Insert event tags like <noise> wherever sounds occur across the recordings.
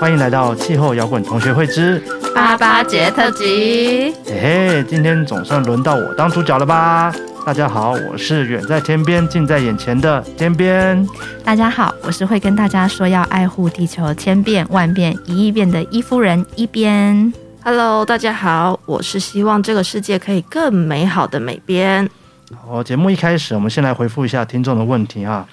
歡迎來到氣候搖滾同學會之八八節特輯。嘿、哎、嘿，今天總算輪到我當主角了吧？大家好，我是遠在天邊近在眼前的天邊。大家好，我是會跟大家說要愛護地球千變萬變一億變的伊夫人一邊。Hello，大家好，我是希望這個世界可以更美好的美邊。好，節目一開始，我們先來回復一下聽眾的問題啊。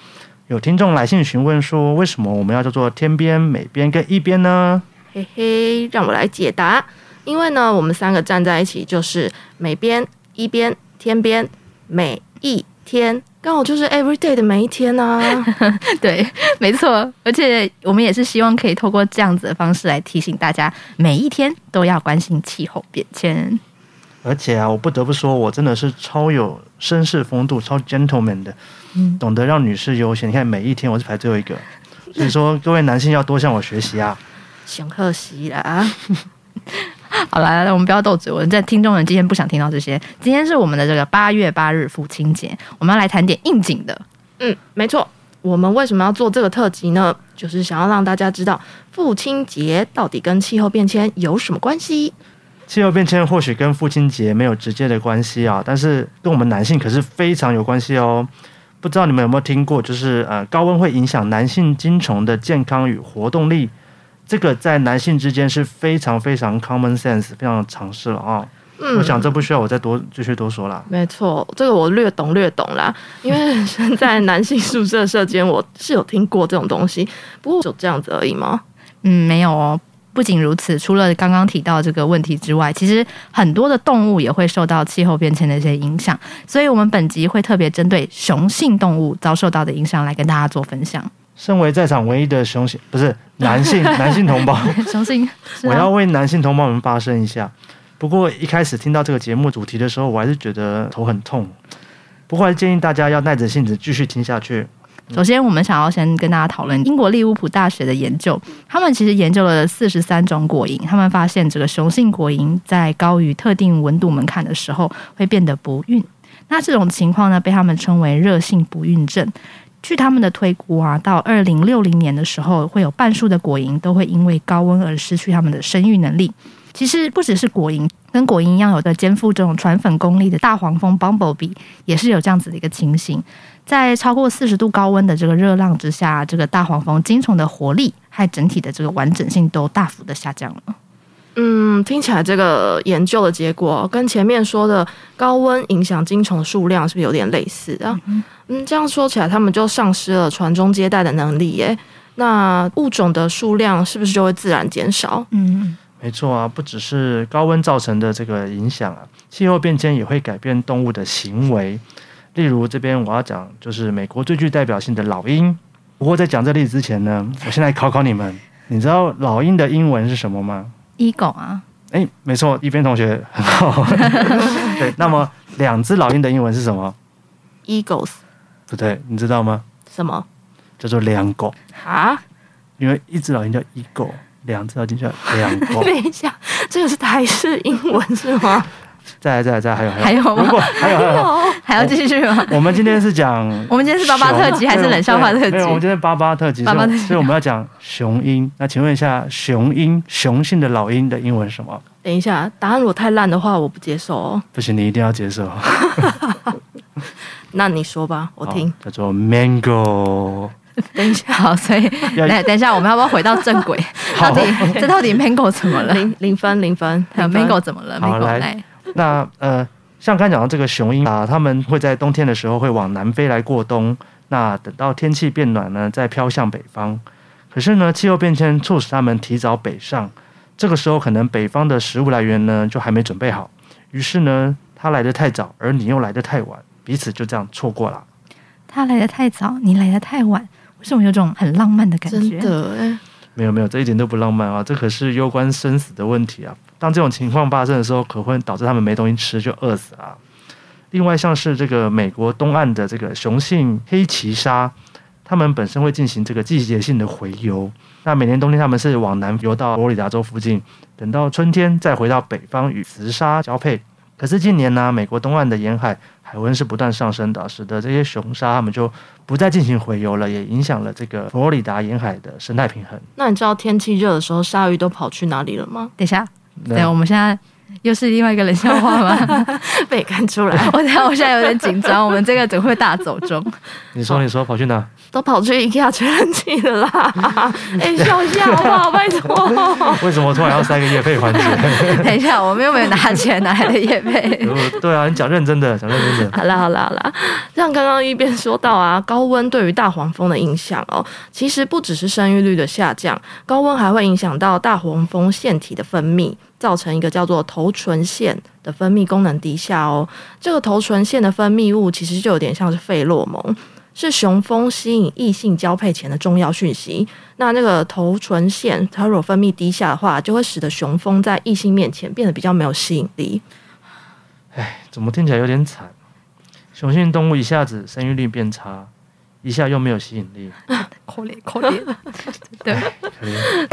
有聽眾來信詢問說：“為什麼我們要叫做天邊、每邊跟一邊呢？”嘿嘿，讓我來解答。因為呢，我們三個站在一起就是每邊、一邊、天邊，每一天剛好就是 everyday 的每一天呢、啊。 <laughs> 對，沒錯，而且我們也是希望可以透過這樣子的方式來提醒大家，每一天都要關心氣候變遷。而且啊，我不得不說，我真的是超有紳士風度、超 gentleman 的，嗯，懂得讓女士優先。你看，每一天我是排最後一個，所以說各位男性要多向我學習啊！行 <laughs> 喜，可惜了啊！好啦，來，來，我們不要鬥嘴，我們在聽眾們今天不想聽到這些。今天是我們的這個八月八日父親節，我們要來談點應景的。嗯，沒錯，我們為什麼要做這個特輯呢？就是想要讓大家知道父親節到底跟氣候變遷有什麼關係。氣候變遷或許跟父親節沒有直接的關係啊，但是跟我們男性可是非常有關係哦。不知道你們有沒有聽過，就是呃高溫會影響男性精蟲的健康與活動力，這個在男性之間是非常非常 common sense，非常常識了啊、哦。嗯，我想這不需要我再多繼續多說了。沒錯，這個我略懂略懂啦，因為在男性宿舍社間我是有聽過這種東西，不過就這樣子而已嗎？嗯，沒有哦。不僅如此，除了剛剛提到這個問題之外，其實很多的動物也會受到氣候變遷的一些影響，所以我們本集會特別針對雄性動物遭受到的影響來跟大家做分享。身為在場唯一的雄性，不是男性 <laughs> 男性同胞，雄 <laughs> 性，啊、我要為男性同胞們發聲一下。不過一開始聽到這個節目主題的時候，我還是覺得頭很痛，不過還是建議大家要耐着性子繼續聽下去。首先，我們想要先跟大家討論英國利物浦大學的研究。他們其實研究了四十三種果蠅，他們發現這個雄性果蠅在高於特定溫度門檻的時候會變得不孕。那這種情況呢，被他們稱為熱性不孕症。據他們的推估啊，到二零六零年的時候，會有半數的果蠅都會因為高溫而失去他們的生育能力。其實不只是果蠅。跟果蠅一樣，有着肩負這種傳粉功力的大黃蜂 （bumblebee） 也是有這樣子的一個情形，在超過四十度高溫的這個熱浪之下，這個大黃蜂精蟲的活力和整體的這個完整性都大幅的下降了。嗯，聽起來這個研究的結果跟前面說的高溫影響精蟲數量是不是有點類似啊？嗯哼。嗯，這樣說起來，他們就喪失了傳宗接代的能力耶？那物種的數量是不是就會自然減少？嗯。沒錯啊，不只是高溫造成的這個影響啊，氣候變遷也會改變動物的行為。例如這邊我要講，就是美國最具代表性的老鷹。不過在講這例子之前呢，我先來考考你們，你知道老鷹的英文是什麼嗎？Eagle 啊。誒，沒錯，一邊同學很好。呵呵 <laughs> 對，那麼兩只老鷹的英文是什麼？Eagles。不對，你知道嗎？什麼？叫做兩狗啊？因為一只老鷹叫 Eagle。兩次要進去兩波。等一下，這個是台式英文是嗎？再來再來再來，還有還有，不過還有還要繼續嗎？我們今天是講，我們今天是八八特輯還是冷笑話特輯對、哦、對沒有我們今天是八八特輯，八八特輯，所以我們要講雄鷹。那請問一下，雄鷹雄性的老鷹的英文是什麼？等一下，答案如果太爛的話，我不接受哦。不行，你一定要接受。 <laughs> <laughs> 那你說吧，我聽。叫做 Mango。等一下，好，所以來要等一下，我們要不要回到正軌？ <laughs> 到底好這到底 Mango 怎麼了零？零分，零分，零分、嗯、，Mango 還有怎麼了？沒過好 Mango, 來，那呃，像剛剛講到這個雄鷹啊，他們會在冬天的時候會往南飛來過冬，那等到天氣變暖呢，再飄向北方。可是呢，氣候變遷促使他們提早北上，這個時候可能北方的食物來源呢就還沒準備好，於是呢，他來得太早，而你又來得太晚，彼此就這樣錯過了。他來得太早，你來得太晚。為什麼有這種很浪漫的感覺？真的，沒有沒有，這一點都不浪漫啊！這可是攸關生死的問題啊！當這種情況發生的時候，可會導致他們沒東西吃就餓死了啊。另外，像是這個美國東岸的這個雄性黑鰭鯊，他們本身會進行這個季節性的洄游。那每年冬天，他們是往南游到佛羅里達州附近，等到春天再回到北方與雌鯊交配。可是近年呢，啊，美國東岸的沿海海溫是不斷上升的，使得這些雄鯊它們就不再進行洄游了，也影響了這個佛羅里達沿海的生態平衡。那你知道天氣熱的時候，鯊魚都跑去哪裡了嗎？等一下，等我們現在。又是另外一個冷笑話嗎？ <laughs> 被趕出來，我我我現在有點緊張。我們這個總會大走鐘？你說你說跑去哪？都跑去一下吹冷氣的啦！哎、 <laughs> 欸，笑笑，下好不好拜托、喔， <laughs> 為什麼突然要塞個業配環？環節？等一下，我們又沒有拿錢拿來業配。 <laughs> 對啊，你講認真的，講認真的。好了好了好了，像剛剛一邊說到啊，高溫對於大黃蜂的影響哦，其實不只是生育率的下降，高溫還會影響到大黃蜂腺體的分泌。造成一個叫做頭唇腺的分泌功能低下哦，這個頭唇腺的分泌物其實就有點像是費洛蒙，是雄蜂吸引異性交配前的重要訊息。那那個頭唇腺它若分泌低下的話，就會使得雄蜂在異性面前變得比較沒有吸引力。哎，怎麼聽起來有點慘？雄性動物一下子生育率變差。一下又沒有吸引力，可憐可憐，對，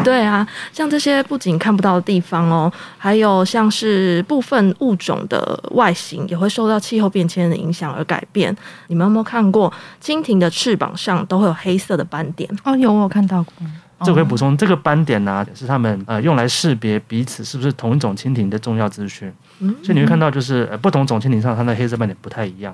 對啊，像這些不僅看不到的地方哦，還有像是部分物種的外形，也會受到氣候變遷的影響而改變。你們有沒有看過蜻蜓的翅膀上都會有黑色的斑點？哦，有，我有看到過。這可以補充，這個斑點呢、啊、是它們呃用來識別彼此是不是同一種蜻蜓的重要資訊。嗯嗯，所以你會看到就是、呃、不同種蜻蜓上它的黑色斑點不太一樣。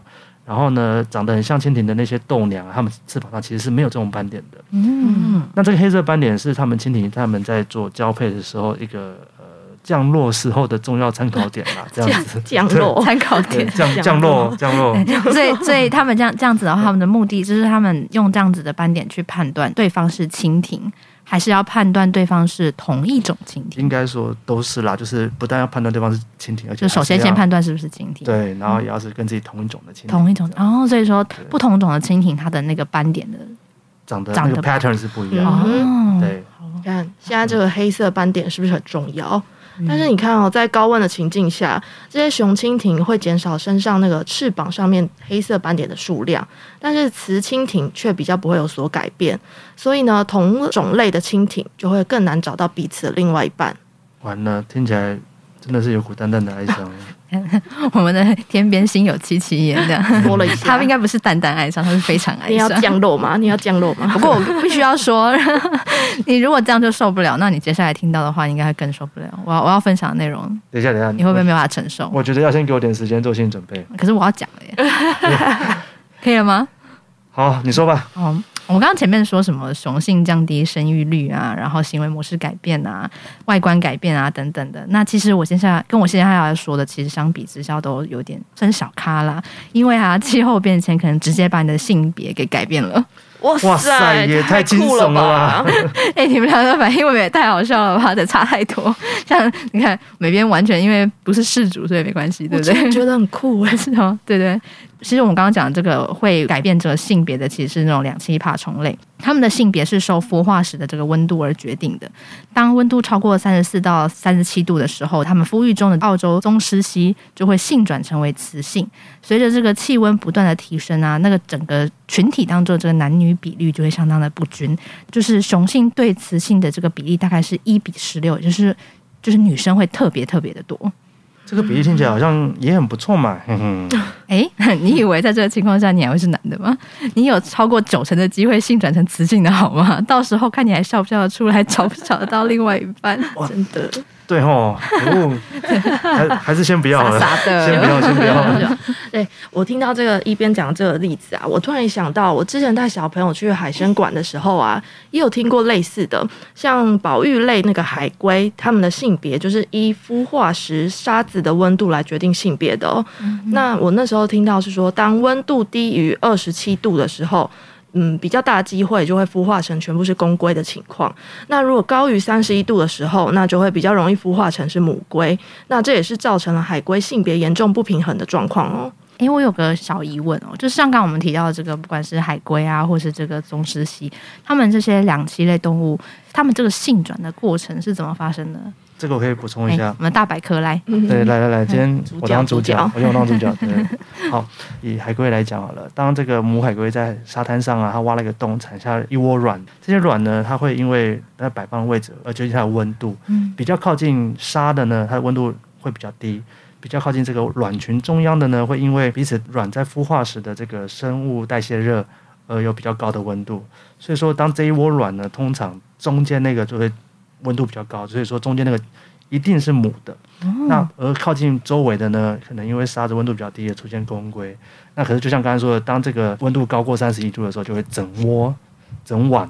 然後呢，長得很像蜻蜓的那些豆娘，它們翅膀上其實是沒有這種斑點的。嗯，那這個黑色斑點是它們蜻蜓他們在做交配的時候一個呃降落時候的重要參考點啦，這樣子降落參考點降降落降落。最對，對他們這樣這樣子的話，他們的目的就是他們用這樣子的斑點去判斷對方是蜻蜓。還是要判斷對方是同一種蜻蜓，應該說都是啦，就是不但要判斷對方是蜻蜓，而且是就首先先判斷是不是蜻蜓，對，然後也要是跟自己同一種的蜻蜓，嗯、同一種，然後、哦、所以說對不同種的蜻蜓，它的那個斑點的長得 pattern 是不一樣哦，嗯、對，看現在這個黑色斑點是不是很重要？但是你看哦，在高溫的情境下，這些雄蜻蜓會減少身上那個翅膀上面黑色斑點的數量，但是雌蜻蜓卻比較不會有所改變。所以呢，同種類的蜻蜓就會更難找到彼此的另外一半。完了，聽起來。真的是有股淡淡的哀傷。 <laughs> 我們的天邊心有戚戚焉這樣，摸了一下，他應該不是淡淡哀傷，他是非常哀傷。你要降落嗎？你要降落嗎？不過我必須要說，你如果這樣就受不了，那你接下來聽到的話應該會更受不了。我要我要分享的內容。等一下，等一下，你會不會沒有辦法承受我？我覺得要先給我點時間做心理準備。可是我要講了耶， <laughs> 可以了嗎？好，你說吧。好、嗯。我剛剛前面說什麼雄性降低生育率啊，然後行為模式改變啊，外觀改變啊等等的。那其實我現在跟我現在要說的，其實相比之下都有點算小咖啦。因為啊，氣候變遷可能直接把你的性別給改變了。哇塞，也太、欸、太酷了吧！哎、 <laughs> 欸，你們兩個反應，未免也太好笑了吧？這差太多。像你看，每邊完全因為不是事主，所以沒關係，對不對？我其實覺得很酷、欸，哎，是哦，對對。其實我們剛剛講的這個會改變這個性別的，其實是那種兩棲爬蟲類，它們的性別是受孵化時的這個溫度而決定的。當溫度超過三十四到三十七度的時候，它們孵育中的澳洲鬃獅蜥就會性轉成為雌性。隨着這個氣溫不斷的提升啊，那個整個群體當中這個男女比率就會相當的不均，就是雄性對雌性的這個比例大概是一比十六，就是就是女生會特別特別的多。這個比例聽起來好像也很不錯嘛，哼哼。哎，你以為在這個情況下你還會是男的嗎？你有超過九成的機會性轉成雌性的好嗎？到時候看你還笑不笑得出來，找不找得到另外一半？ <laughs> 真的。對吼，服、哦、還還是先不要了，傻傻的先不要了對先不要了。對，我聽到這個一邊講這個例子啊，我突然想到，我之前帶小朋友去海生館的時候啊，也有聽過類似的，像保育類那個海龜，他們的性別就是依孵化時沙子的溫度來決定性別的哦。嗯、哼那我那時候聽到是說，當溫度低於二十七度的時候，嗯，比較大的機會就會孵化成全部是公龜的情況。那如果高於三十一度的時候，那就會比較容易孵化成是母龜。那這也是造成了海龜性別嚴重不平衡的狀況哦。哎、欸，我有個小疑問哦，就是剛剛我們提到的這個，不管是海龜啊，或是這個鬃獅蜥，它們這些兩棲類動物，它們這個性轉的過程是怎麼發生的？這個我可以補充一下，我們大百科來。對，來來來，今天我當主角，嗯、主角我當主角。好，以海龜來講好了，當這個母海龜在沙灘上啊，它挖了一個洞，產下一窩卵。這些卵呢，它會因為它擺放的位置而決定它的溫度。嗯，比較靠近沙的呢，它的溫度會比較低；比較靠近這個卵群中央的呢，會因為彼此卵在孵化時的這個生物代謝熱，而有比較高的溫度。所以說，當這一窩卵呢，通常中間那個就會。溫度比較高，所以說中間那個一定是母的。哦、那而靠近周圍的呢，可能因為沙子溫度比較低，也出現公龜。那可是就像剛才說的，當這個溫度高過三十一度的時候，就會整窩、整碗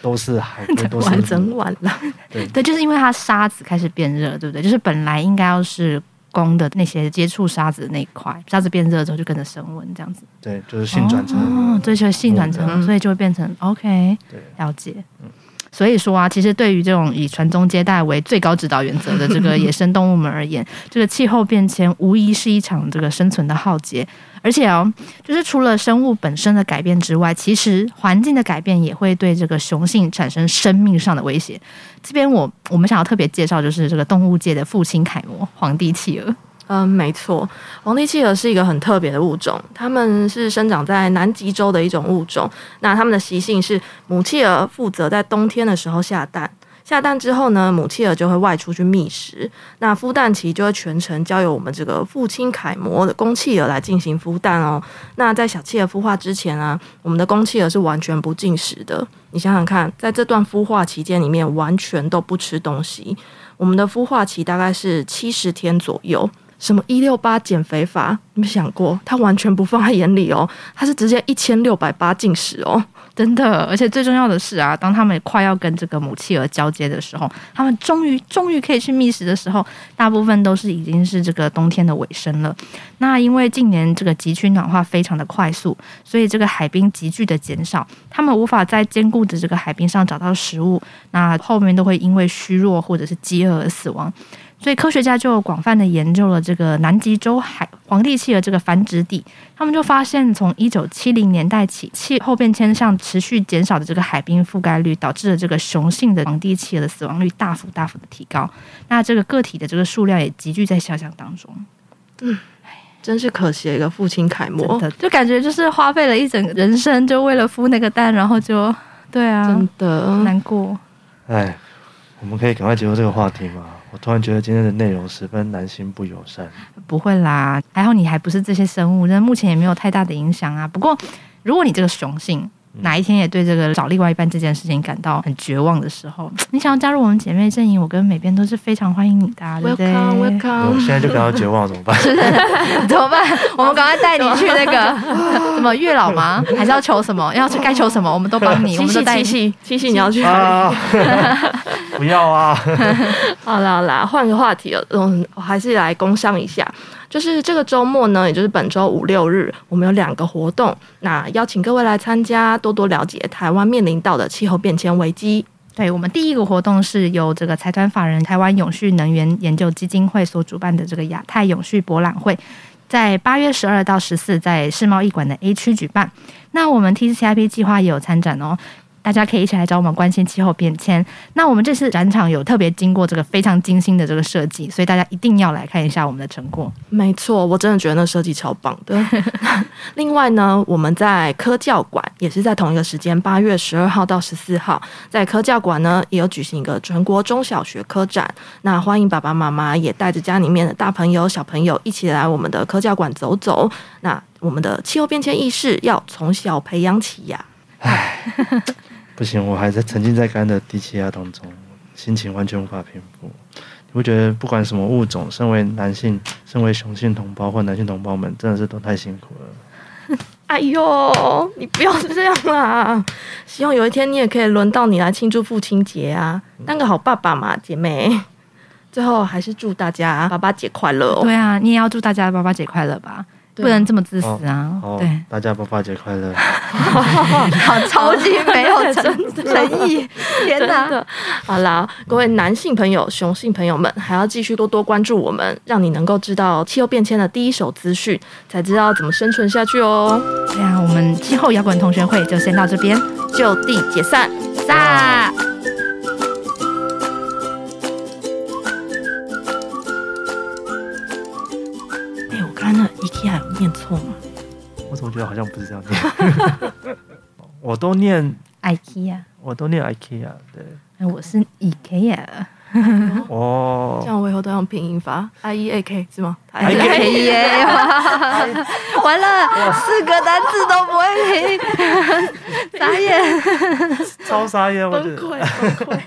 都是海龜都是整碗整碗了。對，對就是因為它沙子開始變熱，對不對？就是本來應該要是公的那些接觸沙子的那一塊，沙子變熱之後就跟着升溫，這樣子。對，就是性轉成哦，對，就是性轉成，所以就會變成、嗯、OK。對，了解。嗯。所以說啊，其實對於這種以傳宗接代為最高指導原則的這個野生動物們而言， <laughs> 這個氣候變遷無疑是一場這個生存的浩劫。而且哦，就是除了生物本身的改變之外，其實環境的改變也會對這個雄性產生生，生命上的威脅。這邊我我們想要特別介紹，就是這個動物界的父親楷模——皇帝企鵝。嗯，沒錯，皇帝企鵝是一個很特別的物種，它們是生長在南極洲的一種物種。那它們的習性是母企鵝負責在冬天的時候下蛋，下蛋之後呢，母企鵝就會外出去覓食。那孵蛋期就會全程交由我們這個父親楷模的公企鵝來進行孵蛋哦。那在小企鵝孵化之前呢、啊，我們的公企鵝是完全不進食的。你想想看，在這段孵化期間裡面，完全都不吃東西。我們的孵化期大概是七十天左右。什麼一六八減肥法？你們想過，他完全不放在眼裡哦。他是直接一千六百八進食哦，真的。而且最重要的是啊，當他們快要跟這個母企鵝交接的時候，他們終於終於可以去覓食的時候，大部分都是已經是這個冬天的尾聲了。那因為近年這個極區暖化非常的快速，所以這個海冰急劇的減少，他們無法在堅固的這個海冰上找到食物，那後面都會因為虛弱或者是飢餓而死亡。所以科學家就廣泛的研究了這個南極洲海皇帝企鵝這個繁殖地，他們就發現從一九七零年代起，氣候變遷上持續減少的這個海冰覆蓋率，導致了這個雄性的皇帝企鵝的死亡率大幅大幅的提高。那這個個體的這個數量也急劇在下降當中。嗯，真是可惜一個父親楷模，就感覺就是花費了一整個人生，就為了孵那個蛋，然後就對啊，真的難過，哎。我們可以趕快結束這個話題嗎？我突然覺得今天的內容十分男性不友善。不會啦，還好你還不是這些生物，那目前也沒有太大的影響啊。不過，如果你這個雄性，哪一天也對這個找另外一半這件事情感到很絕望的時候，你想要加入我們姐妹陣營，我跟每邊都是非常歡迎你的啊。Welcome，Welcome。我們 <laughs> 現在就感到絕望，怎麼辦？ <laughs> <laughs> 怎麼辦？我們趕快帶你去那個什麼月老嗎？還是要求什麼？要去該求什麼？我們都幫你， <laughs> 息我們都帶你。七夕，七夕，七夕你要去哪裡？ <laughs> <laughs> 不要啊 <laughs> 好了好了！好啦好啦，換個話題哦。嗯，我還是來工商一下。就是這個周末呢，也就是本周五六日，我們有兩個活動，那邀請各位來參加，多多了解台灣面臨到的氣候變遷危機。對，我們第一個活動是由這個財團法人台灣永續能源研究基金會所主辦的這個亞太永續博覽會，在八月十二到十四在世貿易館的 A 區舉辦。那我們 TCCIP 計劃也有參展哦。大家可以一起來找我們關心氣候變遷。那我們這次展場有特別經過這個非常精心的這個設計，所以大家一定要來看一下我們的成果。沒錯，我真的覺得那設計超棒的。 <laughs> 另外呢，我們在科教館也是在同一個時間，八月十二號到十四號，在科教館呢也有舉行一個全國中小學科展。那歡迎爸爸媽媽也帶着家裡面的大朋友、小朋友一起來我們的科教館走走。那我們的氣候變遷意識要從小培養起呀、啊。哎。 <laughs> <laughs> 不行，我還在沉浸在干的低氣壓當中，心情完全無法平復。你不覺得，不管什麼物種，身為男性，身為雄性同胞或男性同胞們，真的是都太辛苦了。哎呦，你不要這樣啦、啊！希望有一天你也可以輪到你來慶祝父親節啊，當個好爸爸嘛，姐妹。最後還是祝大家爸爸節快樂。對啊，你也要祝大家爸爸節快樂吧！對不能這麼自私啊。好好對，大家爸爸節快樂。 <laughs> <laughs> 好，超級。沒有誠誠意，天的，的，的好啦，各位男性朋友、雄性朋友們，還要繼續多多關注我們，讓你能夠知道氣候變遷的第一手資訊，才知道怎麼生存下去哦。對啊，我們氣候搖滾同學會就先到這邊，就地解散，散。哎呦，我剛才那一題還有念錯嗎？我怎麼覺得好像不是這樣念？ <laughs> <laughs> 我都念。IKEA，我都念 IKEA，對。我是 IKEA，哦，這樣我以後都用拼音法，I E A K 是嗎？I E A K，完了，四個單詞都不會拼，傻眼，超傻眼，崩潰，崩